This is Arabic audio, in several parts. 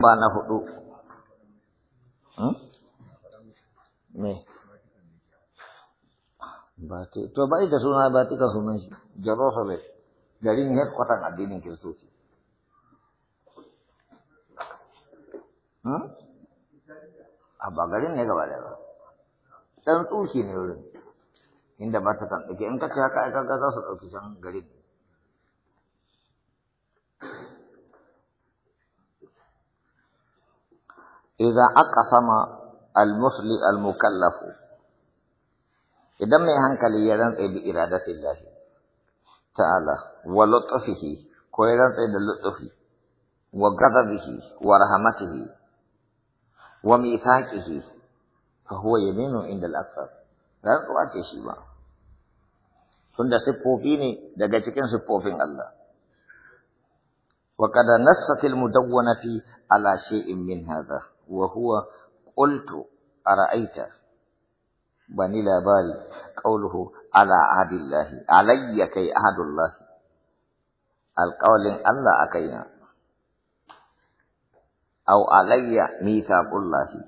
ba na hudu hmm? me bati to bai da suna bati ka sunan shi jerusalem garin headquarter addinin kiristoci hmm? a ba garin ne gaba daya ba dan tsushi ne wurin inda ba ta kan in ka ta haka ai za su dauki can garin إذا أقسم المسلم المكلف إذا ما هنكلي يرنطي بإرادة الله تعالى ولطفه كويرنطي بلطفه وغضبه ورحمته وميثاقه فهو يمين عند الأكثر لا أتشيبا شيئا siffofi ne daga cikin siffofin Allah. Wa kada nassatil mudawwanati ala shay'in min وهو قلت أرأيت بني لاباري قوله على عهد الله علي كي عهد الله القول الله أكينا أو علي ميثاق الله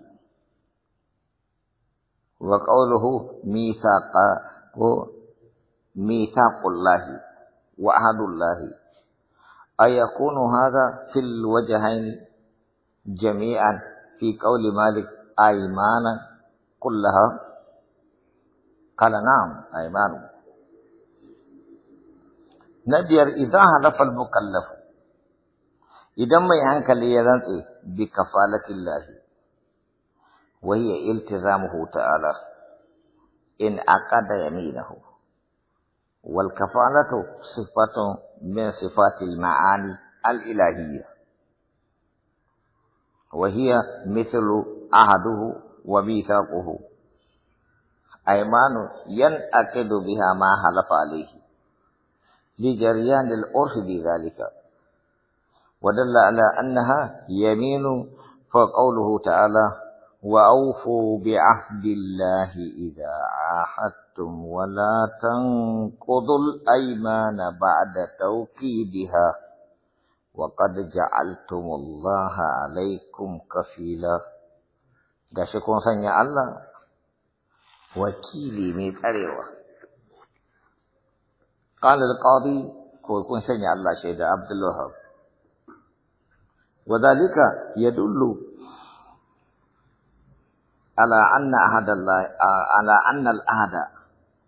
وقوله ميثاق ميثاق الله وعهد الله أيكون هذا في الوجهين جميعا في قول مالك أيمانا كلها قال نعم أيمان نبير إذا هدف المكلف إذا ما ينكلي يدنسي إيه؟ بكفالة الله وهي التزامه تعالى إن أقد يمينه والكفالة صفة من صفات المعاني الإلهية وهي مثل عهده وميثاقه أيمان ينأكد بها ما حلف عليه لجريان العرف بذلك ودل على أنها يمين فقوله تعالى وأوفوا بعهد الله إذا عاهدتم ولا تنقضوا الأيمان بعد توكيدها وقد جعلتم الله عليكم كفيلا gashi kun sanya Allah wakili mai tsarewa qala al-qadi ko kun sanya Allah shaida Abdul Wahab wadhalika yadullu ala anna ahada Allah ala anna al-ahada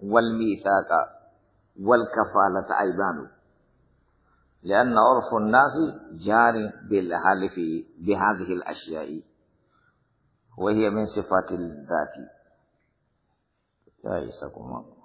wal mithaqa wal kafalata aibanu لأن عرف الناس جار بالحلف بهذه الأشياء وهي من صفات الذات يا إيساكم